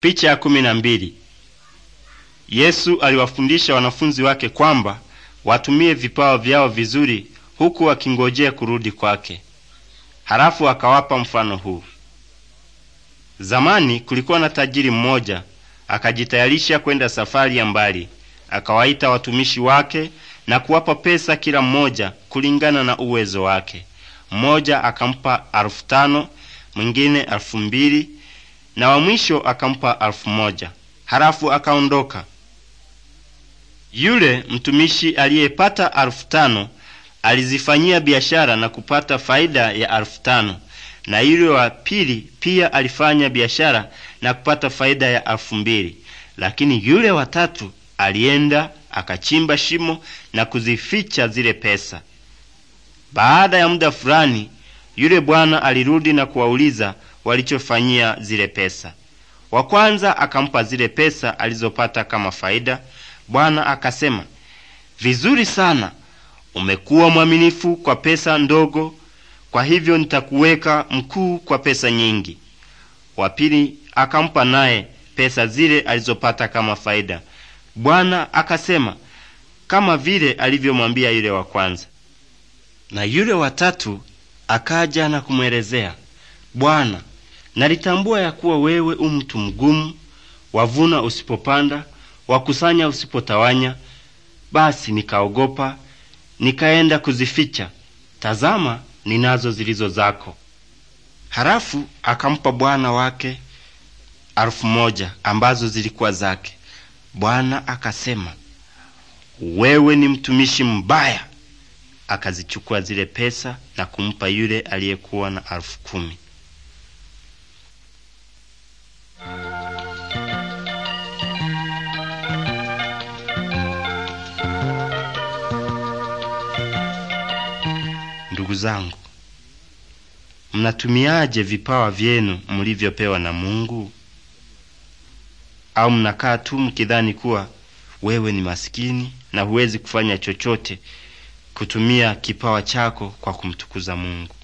Picha ya kumi na mbili. Yesu aliwafundisha wanafunzi wake kwamba watumie vipawa vyao vizuri huku wakingojea kurudi kwake. Halafu akawapa mfano huu. Zamani kulikuwa na tajiri mmoja, akajitayarisha kwenda safari ya mbali. Akawaita watumishi wake na kuwapa pesa kila mmoja kulingana na uwezo wake. Mmoja akampa elfu tano, mwingine mbili na wa mwisho akampa alfu moja. Halafu akaondoka. Yule mtumishi aliyepata alfu tano alizifanyia biashara na kupata faida ya alfu tano na yule wa pili pia alifanya biashara na kupata faida ya alfu mbili lakini yule wa tatu alienda akachimba shimo na kuzificha zile pesa. Baada ya muda fulani, yule bwana alirudi na kuwauliza walichofanyia zile pesa. Wa kwanza akampa zile pesa alizopata kama faida. Bwana akasema, vizuri sana, umekuwa mwaminifu kwa pesa ndogo, kwa hivyo nitakuweka mkuu kwa pesa nyingi. Wa pili akampa naye pesa zile alizopata kama faida. Bwana akasema, kama vile alivyomwambia yule wa kwanza. Na yule wa tatu akaja na kumwelezea Bwana Nalitambua ya kuwa wewe u mtu mgumu, wavuna usipopanda, wakusanya usipotawanya. Basi nikaogopa, nikaenda kuzificha. Tazama, ninazo zilizo zako. Halafu akampa bwana wake alfu moja ambazo zilikuwa zake. Bwana akasema, wewe ni mtumishi mbaya. Akazichukua zile pesa na kumpa yule aliyekuwa na alfu kumi. ndugu zangu, mnatumiaje vipawa vyenu mlivyopewa na Mungu? Au mnakaa tu mkidhani kuwa wewe ni maskini na huwezi kufanya chochote kutumia kipawa chako kwa kumtukuza Mungu?